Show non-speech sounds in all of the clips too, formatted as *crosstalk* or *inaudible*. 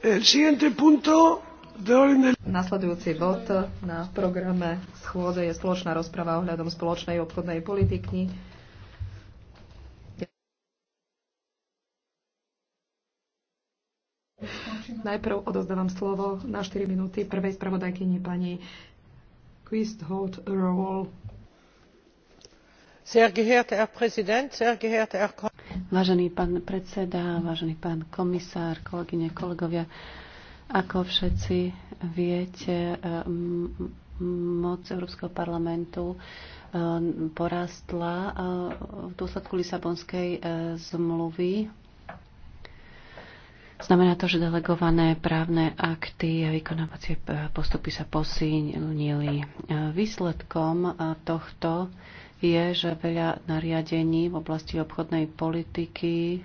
Nasledujúci bod na programe schôdze je spoločná rozprava ohľadom spoločnej obchodnej politiky. Najprv odozdávam slovo na 4 minúty prvej spravodajkyni pani Quisthout Rowell. Sehr geehrter Herr Präsident, sehr geehrter Herr Kommissar, Vážený pán predseda, vážený pán komisár, kolegyne, kolegovia, ako všetci viete, moc Európskeho parlamentu e, porastla e, v dôsledku Lisabonskej e, zmluvy. Znamená to, že delegované právne akty a vykonávacie postupy sa posilnili. Výsledkom tohto je, že veľa nariadení v oblasti obchodnej politiky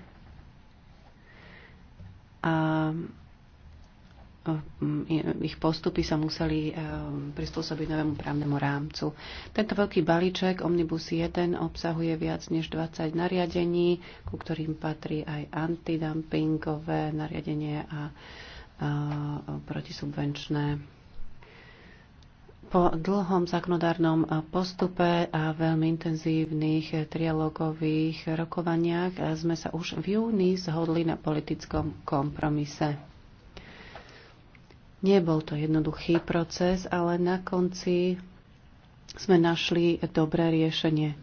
a mm, ich postupy sa museli eh, prispôsobiť novému právnemu rámcu. Tento veľký balíček Omnibus 1 obsahuje viac než 20 nariadení, ku ktorým patrí aj antidumpingové nariadenie a protisubvenčné po dlhom zákonodárnom postupe a veľmi intenzívnych trialogových rokovaniach sme sa už v júni zhodli na politickom kompromise. Nebol to jednoduchý proces, ale na konci sme našli dobré riešenie.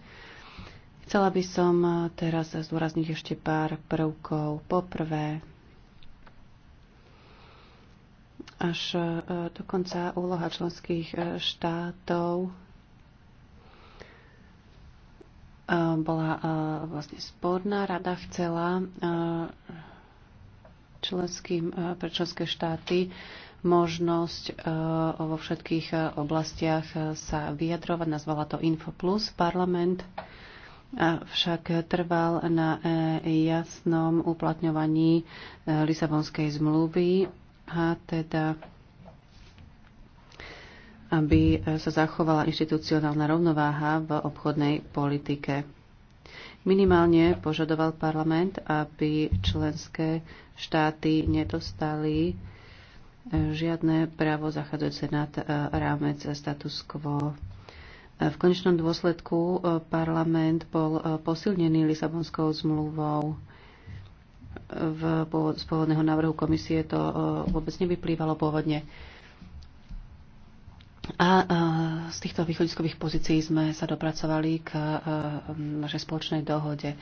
Chcela by som teraz zdôrazniť ešte pár prvkov. Poprvé, až e, dokonca úloha členských e, štátov e, bola vlastne sporná. Rada chcela členským, pre členské štáty možnosť vo všetkých oblastiach sa vyjadrovať. Nazvala to Info Plus Parlament však trval na jasnom uplatňovaní Lisabonskej zmluvy a teda aby sa zachovala inštitucionálna rovnováha v obchodnej politike. Minimálne požadoval parlament, aby členské štáty nedostali e, žiadne právo zachádzajúce nad e, rámec status quo. E, v konečnom dôsledku parlament bol posilnený Lisabonskou zmluvou v, z pôvodného návrhu komisie to e, vôbec nevyplývalo pôvodne. A e, z týchto východiskových pozícií sme sa dopracovali k e, našej spoločnej dohode.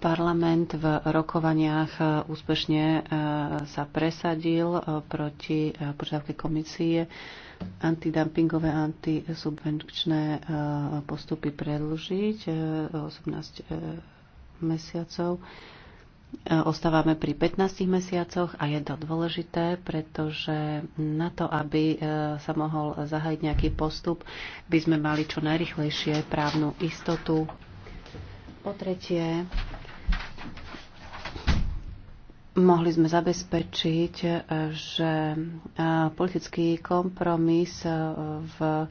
Parlament v rokovaniach úspešne sa presadil proti požiadavke komisie antidumpingové, antisubvenčné postupy predlžiť 18 mesiacov E, ostávame pri 15 mesiacoch a je to dôležité, pretože na to, aby e, sa mohol zahájiť nejaký postup, by sme mali čo najrychlejšie právnu istotu. Po tretie, mohli sme zabezpečiť, e, že politický kompromis v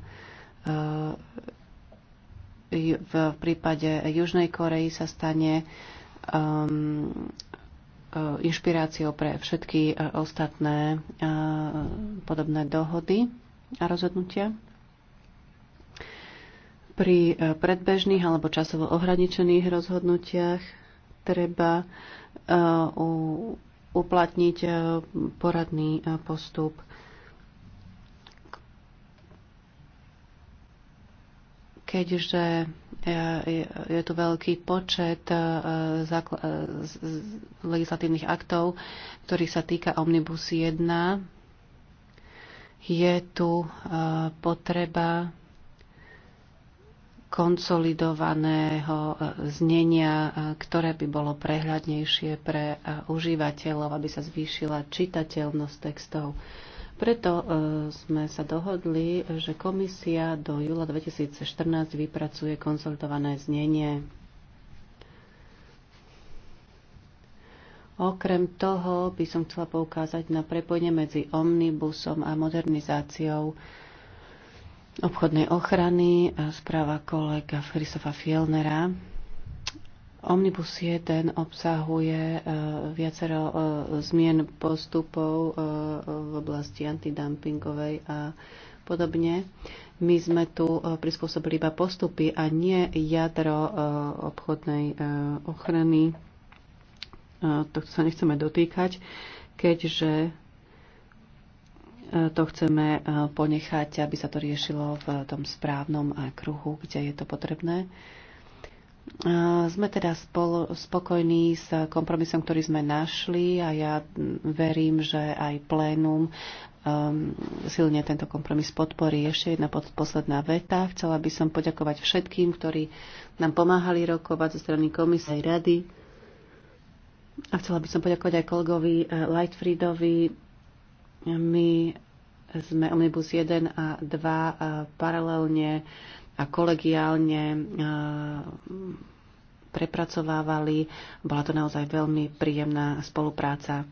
v prípade Južnej Korei sa stane uh, um, uh, inšpiráciou pre všetky uh, ostatné uh, podobné dohody a rozhodnutia. Pri predbežných alebo časovo ohraničených rozhodnutiach treba uplatniť poradný postup. Keďže je tu veľký počet e, e, legislatívnych aktov, ktorý sa týka Omnibus 1. Je tu e, potreba konsolidovaného znenia, ktoré by bolo prehľadnejšie pre užívateľov, aby sa zvýšila čitateľnosť textov. Preto e, sme sa dohodli, že komisia do júla 2014 vypracuje konzultované znenie. Okrem toho by som chcela poukázať na prepojenie medzi omnibusom a modernizáciou obchodnej ochrany a správa kolega Frisofa Fielnera Omnibus 1 obsahuje e, viacero e, zmien postupov e, v oblasti antidumpingovej a podobne. My sme tu prispôsobili iba postupy a nie jadro obchodnej ochrany. Tohto sa nechceme dotýkať, keďže to chceme ponechať, aby sa to riešilo v tom správnom kruhu, kde je to potrebné. Sme teda spolo, spokojní s kompromisom, ktorý sme našli a ja verím, že aj plénum um, silne tento kompromis podporí. Ešte jedna pod, posledná veta. Chcela by som poďakovať všetkým, ktorí nám pomáhali rokovať zo strany komisie aj rady. A chcela by som poďakovať aj kolegovi eh, Lightfriedovi. My sme Omnibus 1 a 2 eh, paralelne a kolegiálne e, prepracovávali. Bola to naozaj veľmi príjemná spolupráca.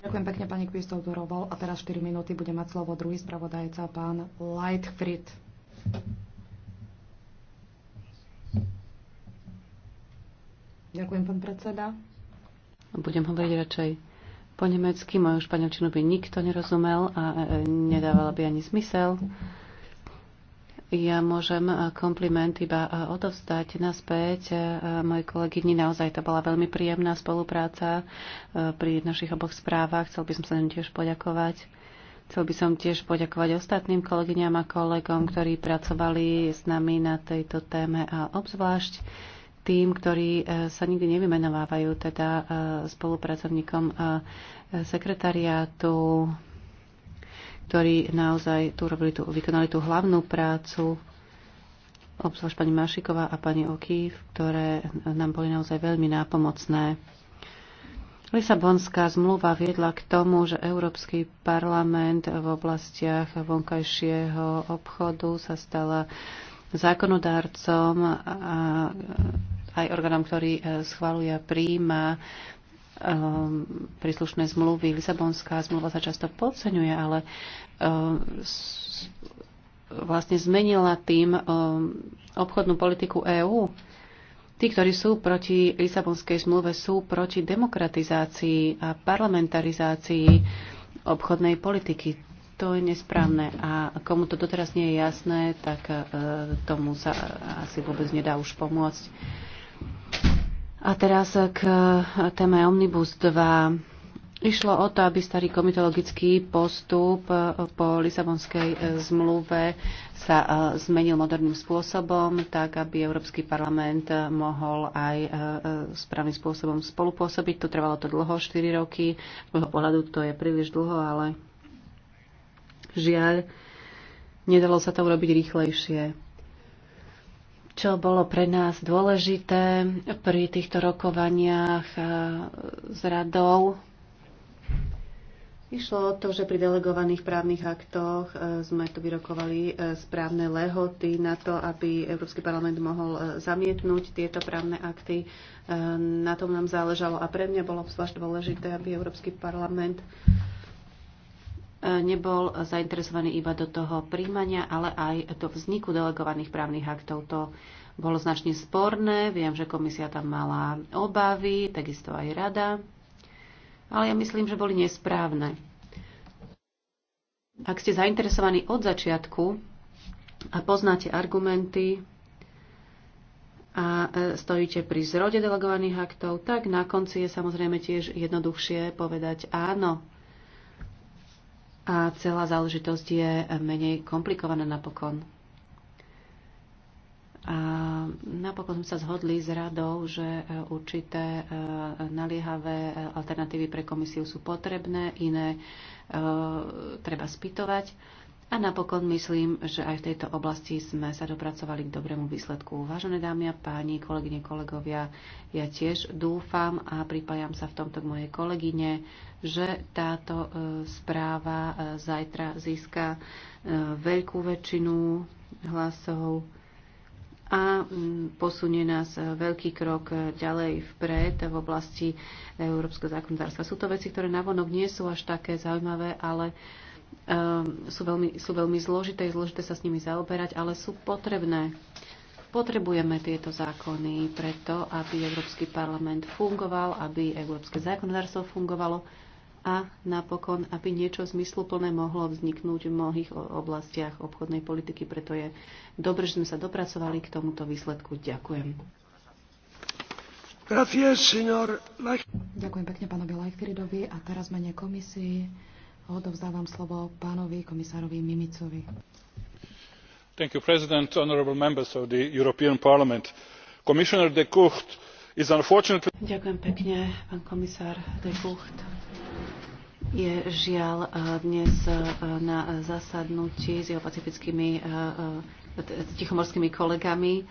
Ďakujem pekne pani Kvistov durovol a teraz 4 minúty bude mať slovo druhý spravodajca, pán Lightfried. Ďakujem, pán predseda. Budem hovoriť radšej po nemecky. Moju španielčinu by nikto nerozumel a e, e, nedávala by ani zmysel. Ja môžem eh, kompliment iba eh, odovzdať naspäť. Eh, mojej kolegyni naozaj to bola veľmi príjemná spolupráca pri našich oboch správach. Chcel by som sa im tiež poďakovať. Chcel by som tiež poďakovať ostatným kolegyňam a kolegom, ktorí pracovali s nami na tejto téme a obzvlášť tým, ktorí sa nikdy nevymenovávajú, teda spolupracovníkom sekretariátu, ktorí naozaj tu, robili tu vykonali tú hlavnú prácu, obzvlášť pani Mašiková a pani Okýv, ktoré nám boli naozaj veľmi nápomocné. Lisabonská zmluva viedla k tomu, že Európsky parlament v oblastiach vonkajšieho obchodu sa stala zákonodárcom a aj orgánom, ktorý schvaluje a príjma Ehm, príslušné zmluvy. Lisabonská zmluva sa často podceňuje, ale ehm, vlastne zmenila tým ehm, obchodnú politiku EÚ. Tí, ktorí sú proti Lisabonskej zmluve, sú proti demokratizácii a parlamentarizácii obchodnej politiky. To je nesprávne a komu to doteraz nie je jasné, tak tomu sa asi vôbec nedá už pomôcť. A teraz k e, téme Omnibus 2. Išlo o to, aby starý komitologický postup e, po Lisabonskej e, zmluve sa zmenil moderným spôsobom, tak aby Európsky parlament mohol aj správnym spôsobom spolupôsobiť. To trvalo to dlho, 4 roky. Z môjho pohľadu to je príliš dlho, ale žiaľ, nedalo sa to urobiť rýchlejšie čo bolo pre nás dôležité pri týchto rokovaniach e, s radou. Išlo o to, že pri delegovaných právnych aktoch e, sme tu vyrokovali e, správne lehoty na to, aby Európsky parlament mohol zamietnúť tieto právne akty. Na tom nám záležalo a pre mňa bolo zvlášť dôležité, aby Európsky parlament nebol zainteresovaný iba do toho príjmania, ale aj do vzniku delegovaných právnych aktov. To bolo značne sporné, viem, že komisia tam mala obavy, takisto aj rada, ale ja myslím, že boli nesprávne. Ak ste zainteresovaní od začiatku a poznáte argumenty a e, stojíte pri zrode delegovaných aktov, tak na konci je samozrejme tiež jednoduchšie povedať áno a celá záležitosť je menej komplikovaná napokon. A napokon sme sa zhodli s radou, že určité e, naliehavé alternatívy pre komisiu sú potrebné, iné e, treba spýtovať. A napokon myslím, že aj v tejto oblasti sme sa dopracovali k dobrému výsledku. Vážené dámy a páni, kolegyne, kolegovia, ja tiež dúfam a pripájam sa v tomto k mojej kolegyne, že táto e, správa e, zajtra získa e, veľkú väčšinu hlasov a posunie nás veľký krok ďalej vpred v oblasti európskeho zákonodárstva. Sú to veci, ktoré navonok nie sú až také zaujímavé, ale Ehm, sú veľmi, sú veľmi zložité, zložité sa s nimi zaoberať, ale sú potrebné. Potrebujeme tieto zákony preto, aby Európsky parlament fungoval, aby európske zákonodárstvo fungovalo a napokon, aby niečo zmysluplné mohlo vzniknúť v mnohých oblastiach obchodnej politiky. Preto je dobre, že sme sa dopracovali k tomuto výsledku. Ďakujem. Gracias, Ďakujem pekne pánovi Lajkfiridovi a teraz mene komisii Odovzdávam slovo pánovi komisárovi Mimicovi. Thank you, President, honorable members of the European Parliament. Commissioner de Gucht is unfortunately... Ďakujem pekne, pán komisár de Gucht. Je žiaľ eh, dnes eh, na zasadnutí s jeho pacifickými eh, tichomorskými kolegami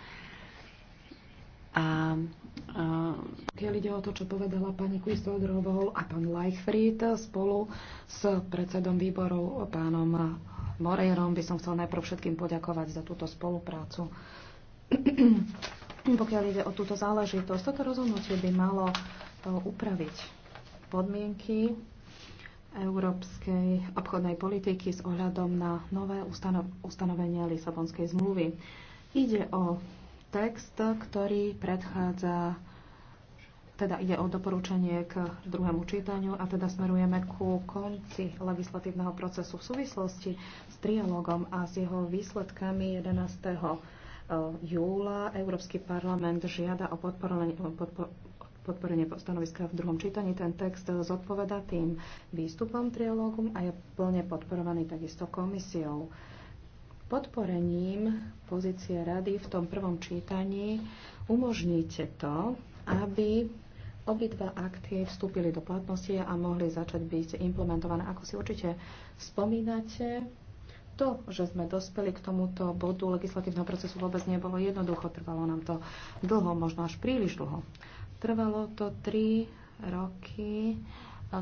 a keď ide o to, čo povedala pani Kvistodrovou a pán Leichfried spolu s predsedom výboru pánom Morejrom, by som chcel najprv všetkým poďakovať za túto spoluprácu. *clears throat* Pokiaľ ide o túto záležitosť, toto rozhodnutie by malo e, upraviť podmienky európskej obchodnej politiky s ohľadom na nové ustanovenia Lisabonskej zmluvy. Ide o text, ktorý predchádza, teda ide o doporučenie k druhému čítaniu a teda smerujeme ku konci legislatívneho procesu v súvislosti s trialogom a s jeho výsledkami 11. E, júla. Európsky parlament žiada o podporenie, podpor, podporenie stanoviska v druhom čítaní. Ten text zodpoveda tým výstupom trialógu a je plne podporovaný takisto komisiou podporením pozície rady v tom prvom čítaní umožníte to, aby obidva akty vstúpili do platnosti a mohli začať byť implementované. Ako si určite spomínate, to, že sme dospeli k tomuto bodu legislatívneho procesu vôbec nebolo jednoducho. Trvalo nám to dlho, možno až príliš dlho. Trvalo to tri roky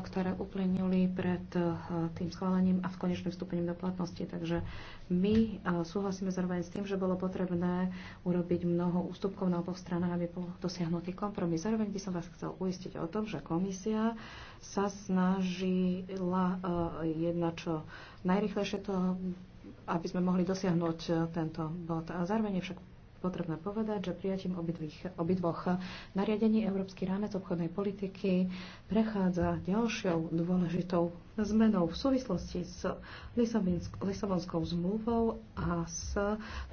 ktoré uplynuli pred eh, tým schválením a v konečným vstúpením do platnosti. Takže my eh, súhlasíme zároveň s tým, že bolo potrebné urobiť mnoho ústupkov na oboch stranách, aby bol dosiahnutý kompromis. Zároveň by som vás chcel uistiť o tom, že komisia sa snažila eh, jedna čo najrychlejšie to aby sme mohli dosiahnuť tento bod. A zároveň je však potrebné povedať, že prijatím obidvoch obi nariadení Európsky rámec obchodnej politiky prechádza ďalšou dôležitou zmenou v súvislosti s Lisabonskou zmluvou a s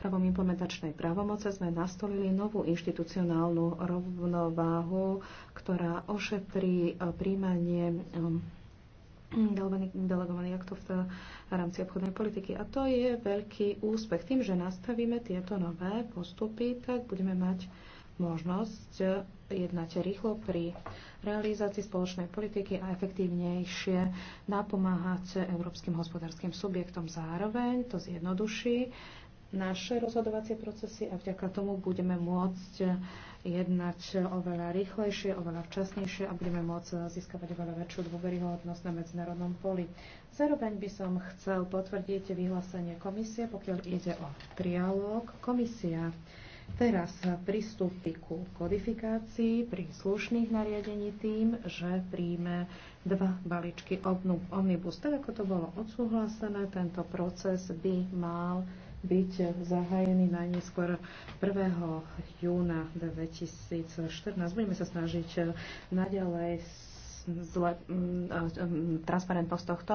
právom implementačnej právomoce sme nastolili novú inštitucionálnu rovnováhu, ktorá ošetrí príjmanie um, delegovaných aktov v rámci obchodnej politiky. A to je veľký úspech. Tým, že nastavíme tieto nové postupy, tak budeme mať možnosť jednať rýchlo pri realizácii spoločnej politiky a efektívnejšie napomáhať európskym hospodárskym subjektom. Zároveň to zjednoduší naše rozhodovacie procesy a vďaka tomu budeme môcť jednať oveľa rýchlejšie, oveľa včasnejšie a budeme môcť získavať oveľa väčšiu dôveryhodnosť na medzinárodnom poli. Zároveň by som chcel potvrdiť vyhlásenie komisie, pokiaľ ide o trialóg. Komisia teraz pristúpi ku kodifikácii príslušných nariadení tým, že príjme dva balíčky omnibus. Tak ako to bolo odsúhlasené, tento proces by mal byť zahájený najnieskôr 1. júna 2014. Budeme sa snažiť naďalej zle, mm, mm, transparentnosť tohto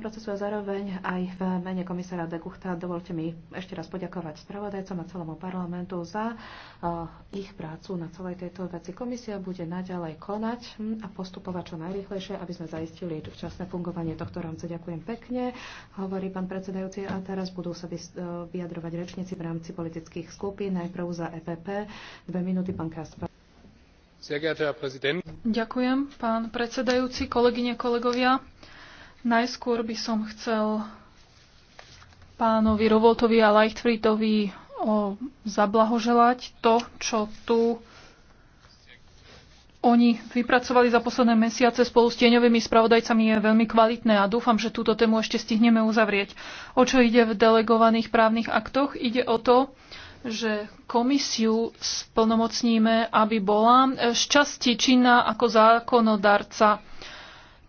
procesu a zároveň aj v mene komisára de Guchta dovolte mi ešte raz poďakovať spravodajcom a celému parlamentu za ich prácu na celej tejto veci. Komisia bude naďalej konať hm, a postupovať čo najrychlejšie, aby sme zaistili včasné fungovanie tohto rámca. Ďakujem pekne, hovorí pán predsedajúci a teraz budú sa e, vyjadrovať rečníci v rámci politických skupín. Najprv za EPP. Dve minúty, pán Kaspar. Ďakujem, pán predsedajúci, kolegyne, kolegovia. Najskôr by som chcel pánovi Rovoltovi a Leichtfriedovi eh, zablahoželať to, čo tu oni vypracovali za posledné mesiace spolu s tieňovými spravodajcami je veľmi kvalitné a dúfam, že túto tému ešte stihneme uzavrieť. O čo ide v delegovaných právnych aktoch? Ide o to, že komisiu splnomocníme, aby bola šťastie e, činná ako zákonodarca.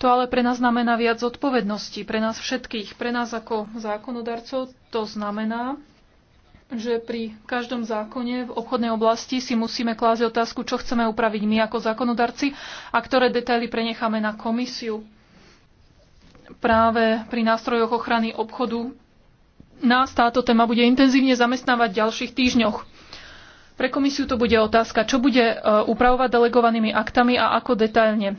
To ale pre nás znamená viac zodpovednosti, pre nás všetkých, pre nás ako zákonodarcov to znamená, že pri každom zákone v obchodnej oblasti si musíme klásť otázku, čo chceme upraviť my ako zákonodarci a ktoré detaily prenecháme na komisiu. Práve pri nástrojoch ochrany obchodu nás táto téma bude intenzívne zamestnávať v ďalších týždňoch. Pre komisiu to bude otázka, čo bude e, upravovať delegovanými aktami a ako detailne.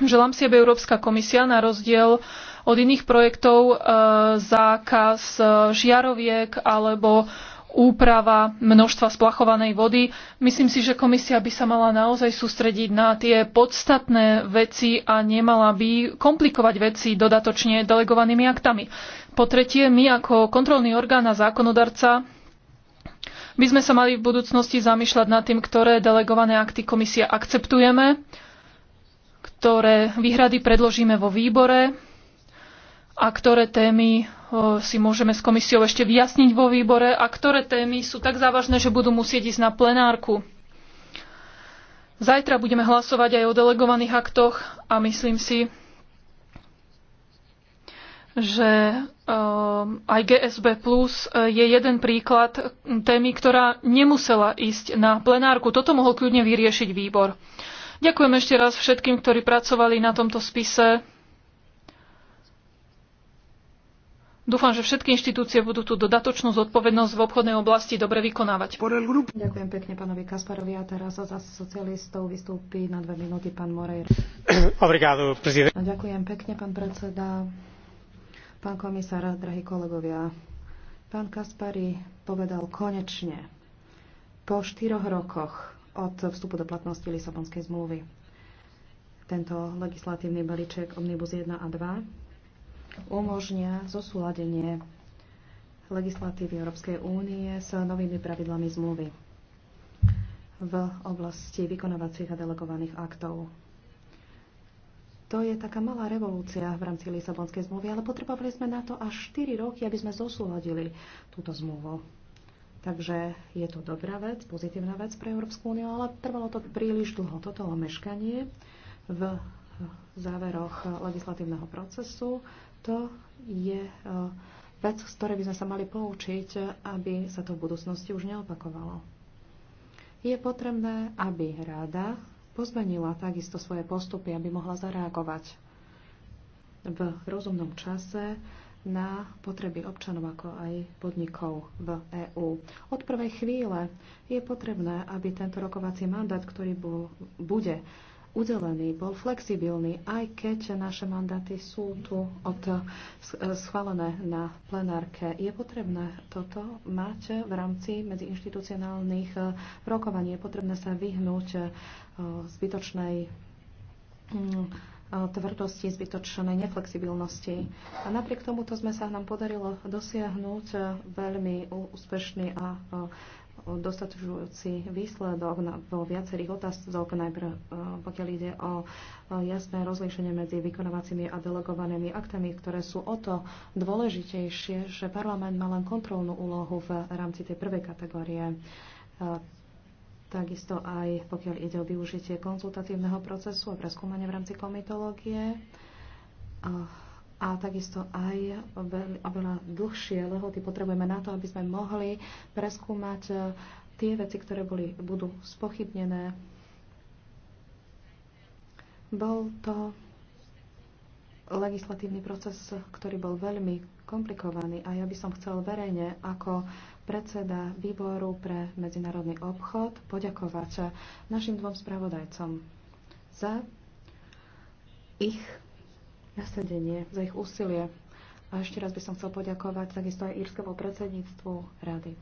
Želám si, aby Európska komisia na rozdiel od iných projektov e, zákaz e, žiaroviek alebo úprava množstva splachovanej vody. Myslím si, že komisia by sa mala naozaj sústrediť na tie podstatné veci a nemala by komplikovať veci dodatočne delegovanými aktami. Po tretie, my ako kontrolný orgán a zákonodarca by sme sa mali v budúcnosti zamýšľať nad tým, ktoré delegované akty komisia akceptujeme, ktoré výhrady predložíme vo výbore a ktoré témy si môžeme s komisiou ešte vyjasniť vo výbore a ktoré témy sú tak závažné, že budú musieť ísť na plenárku. Zajtra budeme hlasovať aj o delegovaných aktoch a myslím si, že aj GSB Plus e, je jeden príklad témy, ktorá nemusela ísť na plenárku. Toto mohol kľudne vyriešiť výbor. Ďakujem ešte raz všetkým, ktorí pracovali na tomto spise. Dúfam, že všetky inštitúcie budú tú dodatočnú zodpovednosť v obchodnej oblasti dobre vykonávať. Ďakujem pekne pánovi Kasparovi a teraz za socialistov vystúpi na dve minúty pán Morejr. Ďakujem pekne, pán predseda, pán komisár, drahí kolegovia. Pán Kaspari povedal konečne po štyroch rokoch od vstupu do platnosti Lisabonskej zmluvy tento legislatívny balíček Omnibus 1 a 2 umožnia zosúladenie legislatívy Európskej únie s novými pravidlami zmluvy v oblasti vykonávacích a delegovaných aktov. To je taká malá revolúcia v rámci Lisabonskej zmluvy, ale potrebovali sme na to až 4 roky, aby sme zosúladili túto zmluvu. Takže je to dobrá vec, pozitívna vec pre Európsku úniu, ale trvalo to príliš dlho. Toto omeškanie v záveroch legislatívneho procesu to je e, vec, z ktorej by sme sa mali poučiť, aby sa to v budúcnosti už neopakovalo. Je potrebné, aby rada pozmenila takisto svoje postupy, aby mohla zareagovať v rozumnom čase na potreby občanov ako aj podnikov v EÚ. Od prvej chvíle je potrebné, aby tento rokovací mandát, ktorý bol, bude udelený, bol flexibilný, aj keď naše mandáty sú tu od schválené na plenárke. Je potrebné toto mať v rámci medziinstitucionálnych eh, rokovaní. Je potrebné sa vyhnúť eh, zbytočnej mm, eh, tvrdosti, zbytočnej neflexibilnosti. A napriek tomuto sme sa nám podarilo dosiahnuť veľmi úspešný a dostatočujúci výsledok vo viacerých otázok, najprv e, pokiaľ ide o e, jasné rozlíšenie medzi vykonávacími a delegovanými aktami, ktoré sú o to dôležitejšie, že parlament má len kontrolnú úlohu v rámci tej prvej kategórie. E, takisto aj pokiaľ ide o využitie konzultatívneho procesu a preskúmanie v rámci komitológie a takisto aj oveľa dlhšie lehoty potrebujeme na to, aby sme mohli preskúmať e, tie veci, ktoré boli, budú spochybnené. Bol to legislatívny proces, ktorý bol veľmi komplikovaný a ja by som chcel verejne ako predseda výboru pre medzinárodný obchod poďakovať našim dvom spravodajcom za ich nasadenie, za ich úsilie. A ešte raz by som chcel poďakovať takisto aj írskému predsedníctvu rady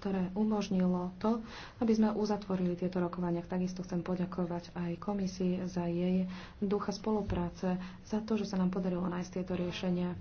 ktoré umožnilo to, aby sme uzatvorili tieto rokovania. Takisto chcem poďakovať aj komisii za jej ducha spolupráce, za to, že sa nám podarilo nájsť tieto riešenia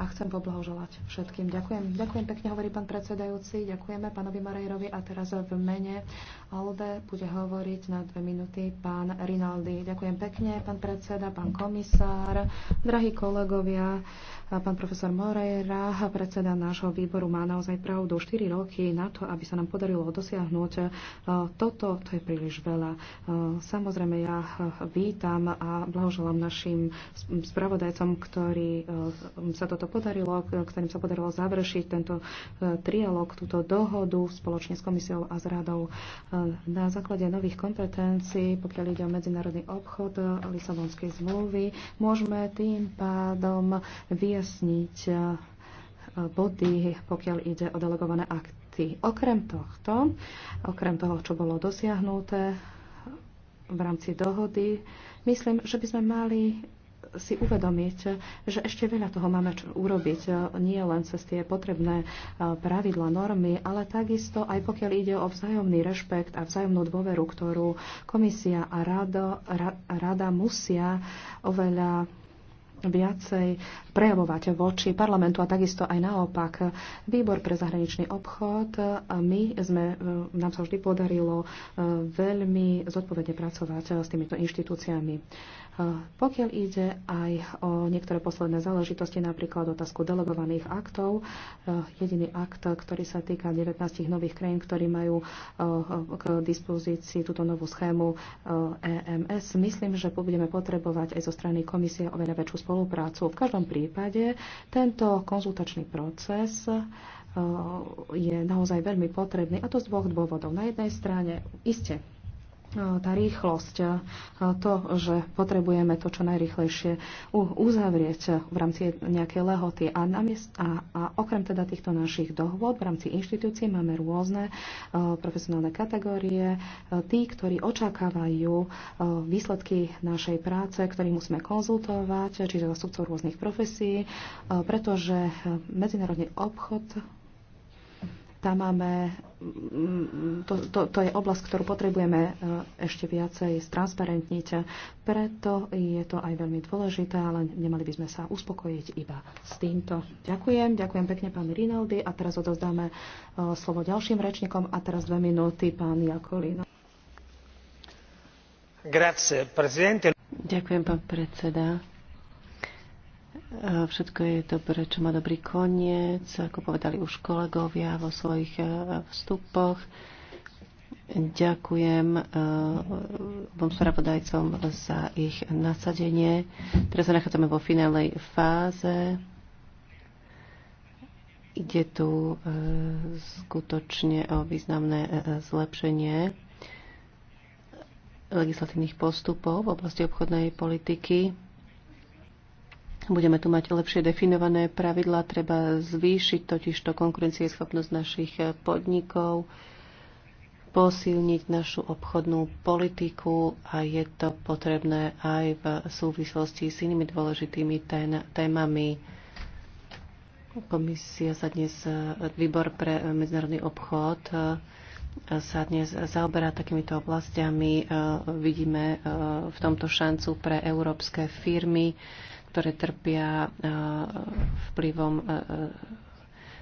a chcem poblahoželať všetkým. Ďakujem. Ďakujem pekne, hovorí pán predsedajúci. Ďakujeme pánovi Marejrovi a teraz v mene Alde bude hovoriť na dve minúty pán Rinaldi. Ďakujem pekne, pán predseda, pán komisár, drahí kolegovia, pán profesor Moreira, predseda nášho výboru má naozaj pravdu. 4 roky na to, to, aby sa nám podarilo dosiahnuť e, toto, to je príliš veľa. E, samozrejme, ja e, vítam a blahoželám našim spravodajcom, ktorí sa toto podarilo, ktorým sa podarilo završiť tento trialog, túto dohodu spoločne s komisiou a s radou. Na základe nových kompetencií, pokiaľ ide o medzinárodný obchod Lisabonskej zmluvy, môžeme tým pádom vyjasniť body, pokiaľ ide o delegované akty akty. Okrem tohto, okrem toho, čo bolo dosiahnuté v rámci dohody, myslím, že by sme mali si uvedomiť, že ešte veľa toho máme čo urobiť, nie len cez tie potrebné pravidla, normy, ale takisto aj pokiaľ ide o vzájomný rešpekt a vzájomnú dôveru, ktorú komisia a rado, ra, rada musia oveľa viacej prejavovať voči parlamentu a takisto aj naopak. Výbor pre zahraničný obchod, my sme, e, nám sa vždy podarilo e, veľmi zodpovedne pracovať e, s týmito inštitúciami. Pokiaľ ide aj o niektoré posledné záležitosti, napríklad otázku delegovaných aktov, jediný akt, ktorý sa týka 19 nových krajín, ktorí majú k dispozícii túto novú schému EMS, myslím, že budeme potrebovať aj zo strany komisie oveľa väčšiu spoluprácu. V každom prípade prípade tento konzultačný proces e, je naozaj veľmi potrebný a to z dvoch dôvodov. Na jednej strane, iste, tá rýchlosť, to, že potrebujeme to čo najrychlejšie uzavrieť v rámci nejakej lehoty. A, namiest, a, a okrem teda týchto našich dohôd v rámci inštitúcií máme rôzne e, profesionálne kategórie. E, tí, ktorí očakávajú e, výsledky našej práce, ktorých musíme konzultovať, čiže zastupcov rôznych profesí, pretože medzinárodný obchod tam máme, mm, to, to, to je oblasť, ktorú potrebujeme e, ešte viacej stransparentniť. Preto je to aj veľmi dôležité, ale nemali by sme sa uspokojiť iba s týmto. Ďakujem, ďakujem pekne pán Rinaldi a teraz odozdáme e, slovo ďalším rečníkom a teraz dve minúty pán Jakolino. Grazie, Ďakujem, pán predseda Všetko je dobré, čo má dobrý koniec, ako povedali už kolegovia vo svojich e, vstupoch. Ďakujem e, obom spravodajcom za ich nasadenie. Teraz sa nachádzame vo finálnej fáze. Ide tu e, skutočne o významné zlepšenie legislatívnych postupov v oblasti obchodnej politiky Budeme tu mať lepšie definované pravidlá, treba zvýšiť totiž to konkurencieschopnosť našich podnikov, posilniť našu obchodnú politiku a je to potrebné aj v súvislosti s inými dôležitými témami. Komisia sa dnes, výbor pre medzinárodný obchod sa dnes zaoberá takýmito oblastiami. E, vidíme e, v tomto šancu pre európske firmy, ktoré trpia e, vplyvom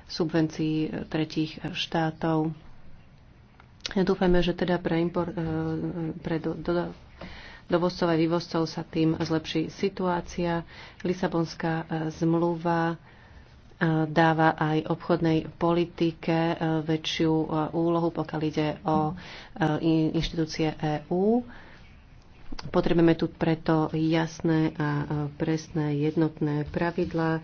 subvencií tretích štátov. Dúfame, že teda pre, import, pre do, do, dovozcov a vývozcov sa tým zlepší situácia. Lisabonská zmluva dáva aj obchodnej politike e, väčšiu e, úlohu, pokiaľ ide o e, inštitúcie EÚ. Potrebujeme tu preto jasné a presné jednotné pravidlá.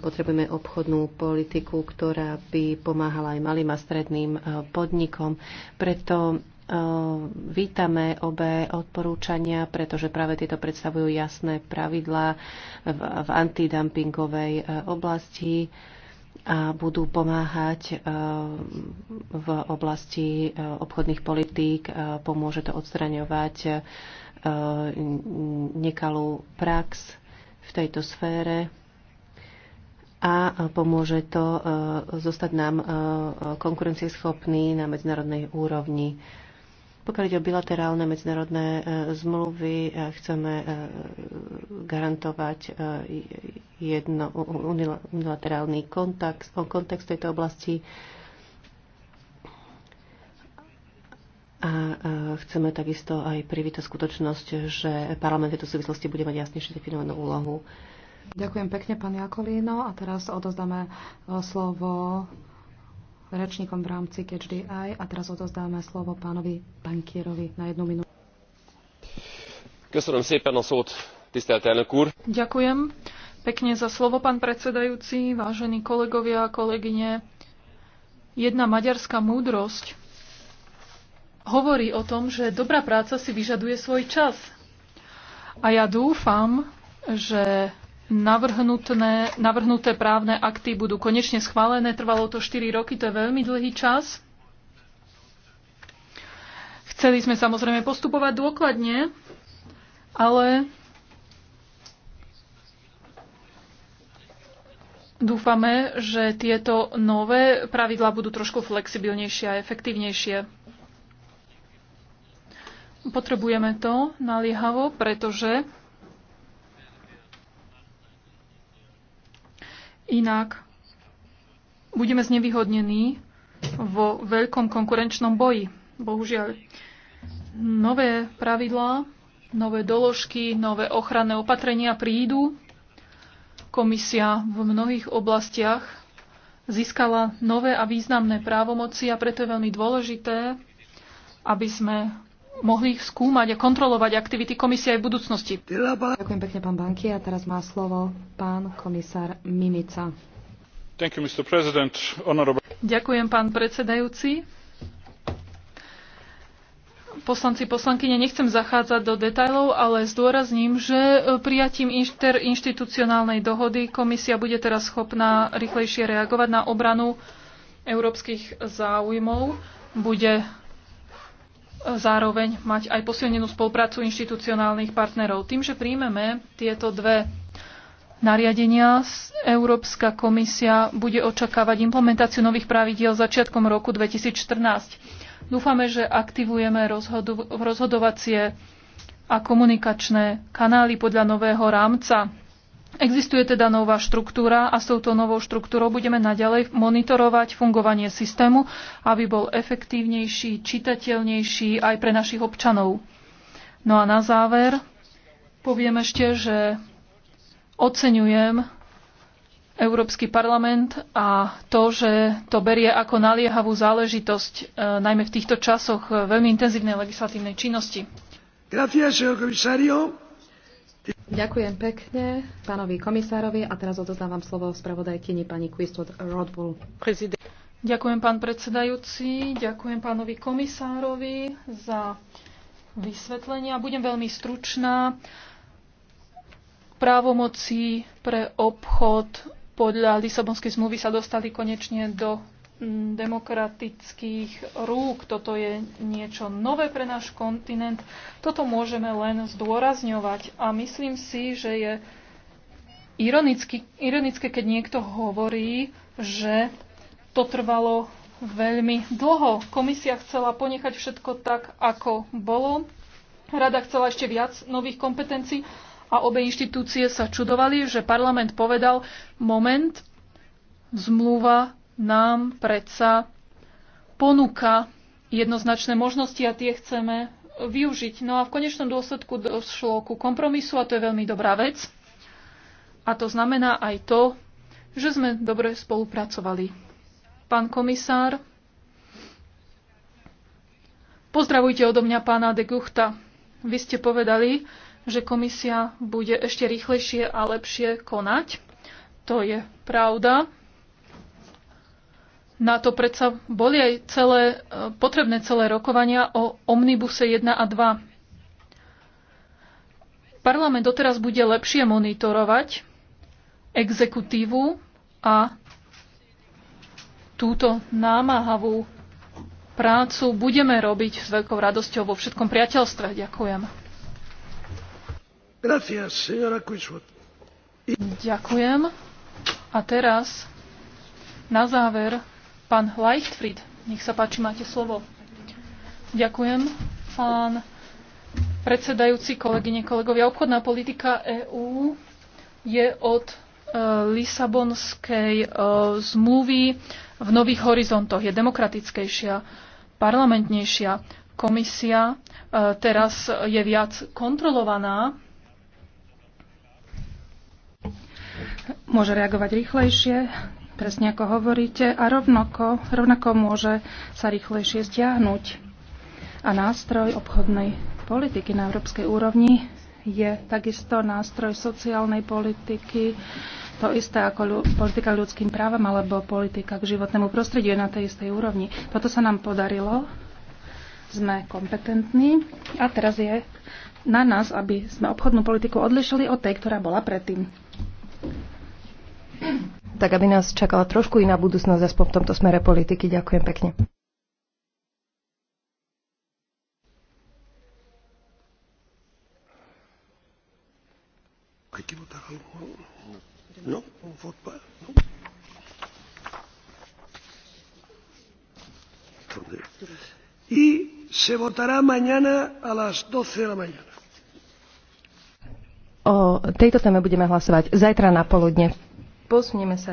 Potrebujeme obchodnú politiku, ktorá by pomáhala aj malým a stredným podnikom. Preto Ehm, vítame obe odporúčania, pretože práve tieto predstavujú jasné pravidlá v antidumpingovej e, oblasti a budú pomáhať e, v oblasti e, obchodných politík. Pomôže to odstraňovať nekalú prax v tejto sfére a pomôže to zostať nám konkurencieschopný na medzinárodnej úrovni. Pokiaľ ide o bilaterálne medzinárodné e, zmluvy, e, chceme e, garantovať jedno, unilaterálny kontext, kontext tejto oblasti a chceme takisto aj privítať skutočnosť, že parlament v tejto súvislosti bude mať jasnejšie definovanú úlohu. Ďakujem pekne, pán Jakolíno. A teraz odozdáme slovo rečníkom v rámci KHDI a teraz odozdáme slovo pánovi bankierovi na jednu minútu. Köszönöm szépen a szót, tisztelt elnök úr! Ďakujem pekne za slovo, pán predsedajúci, vážení kolegovia a kolegyne. Jedna maďarská múdrosť hovorí o tom, že dobrá práca si vyžaduje svoj čas. A ja dúfam, že Navrhnuté, navrhnuté právne akty budú konečne schválené. Trvalo to 4 roky, to je veľmi dlhý čas. Chceli sme samozrejme postupovať dôkladne, ale dúfame, že tieto nové pravidlá budú trošku flexibilnejšie a efektívnejšie. Potrebujeme to naliehavo, pretože Inak budeme znevýhodnení vo veľkom konkurenčnom boji. Bohužiaľ, nové pravidlá, nové doložky, nové ochranné opatrenia prídu. Komisia v mnohých oblastiach získala nové a významné právomoci a preto je veľmi dôležité, aby sme mohli skúmať a kontrolovať aktivity komisie aj v budúcnosti. Ďakujem pekne, pán Banky. A teraz má slovo pán komisár Mimica. Thank you, Mr. President. Honorable... Ďakujem, pán predsedajúci. Poslanci, poslankyne, nechcem zachádzať do detajlov, ale zdôrazním, že prijatím interinstitucionálnej dohody komisia bude teraz schopná rýchlejšie reagovať na obranu európskych záujmov, bude zároveň mať aj posilnenú spoluprácu inštitucionálnych partnerov. Tým, že príjmeme tieto dve nariadenia, Európska komisia bude očakávať implementáciu nových pravidiel začiatkom roku 2014. Dúfame, že aktivujeme rozhodovacie a komunikačné kanály podľa nového rámca Existuje teda nová štruktúra a s touto novou štruktúrou budeme naďalej monitorovať fungovanie systému, aby bol efektívnejší, čitateľnejší aj pre našich občanov. No a na záver poviem ešte, že oceňujem Európsky parlament a to, že to berie ako naliehavú záležitosť, e, najmä v týchto časoch e, veľmi intenzívnej legislatívnej činnosti. Gracias, Ďakujem pekne pánovi komisárovi a teraz odozdávam slovo spravodajkyni pani Quistot Rodbull. Ďakujem pán predsedajúci, ďakujem pánovi komisárovi za vysvetlenia. Budem veľmi stručná. Právomoci pre obchod podľa Lisabonskej zmluvy sa dostali konečne do Mm, demokratických rúk. Toto je niečo nové pre náš kontinent. Toto môžeme len zdôrazňovať. A myslím si, že je ironicky, ironické, keď niekto hovorí, že to trvalo veľmi dlho. Komisia chcela ponechať všetko tak, ako bolo. Rada chcela ešte viac nových kompetencií a obe inštitúcie sa čudovali, že parlament povedal, moment, zmluva nám predsa ponúka jednoznačné možnosti a tie chceme využiť. No a v konečnom dôsledku došlo ku kompromisu a to je veľmi dobrá vec. A to znamená aj to, že sme dobre spolupracovali. Pán komisár, pozdravujte odo mňa pána de Guchta. Vy ste povedali, že komisia bude ešte rýchlejšie a lepšie konať. To je pravda. Na to predsa boli aj celé, e, potrebné celé rokovania o Omnibuse 1 a 2. Parlament doteraz bude lepšie monitorovať exekutívu a túto námahavú prácu budeme robiť s veľkou radosťou vo všetkom priateľstve. Ďakujem. Ďakujem. A teraz na záver Pán Leichtfried, nech sa páči, máte slovo. Ďakujem, pán predsedajúci, kolegyne, kolegovia. Obchodná politika EÚ je od e, Lisabonskej e, zmluvy v Nových horizontoch. Je demokratickejšia, parlamentnejšia. Komisia e, teraz je viac kontrolovaná. Môže reagovať rýchlejšie, presne ako hovoríte, a rovnako, rovnako môže sa rýchlejšie stiahnuť. A nástroj obchodnej politiky na európskej úrovni je takisto nástroj sociálnej politiky, to isté ako politika k ľudským právam alebo politika k životnému prostrediu je na tej istej úrovni. Toto sa nám podarilo, sme kompetentní a teraz je na nás, aby sme obchodnú politiku odlišili od tej, ktorá bola predtým tak aby nás čakala trošku iná budúcnosť aspoň v tomto smere politiky. Ďakujem pekne. No, no, no, ¿no? Y se votará mañana a las 12 de la mañana. O tejto téme budeme hlasovať zajtra na poludne. Posunieme sa